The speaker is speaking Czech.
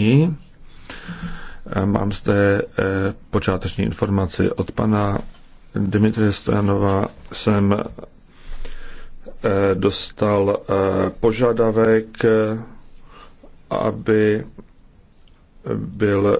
dní. Eh, mám zde eh, počáteční informaci od pana Dimitrie Stojanova. Jsem eh, dostal požadavek, aby byl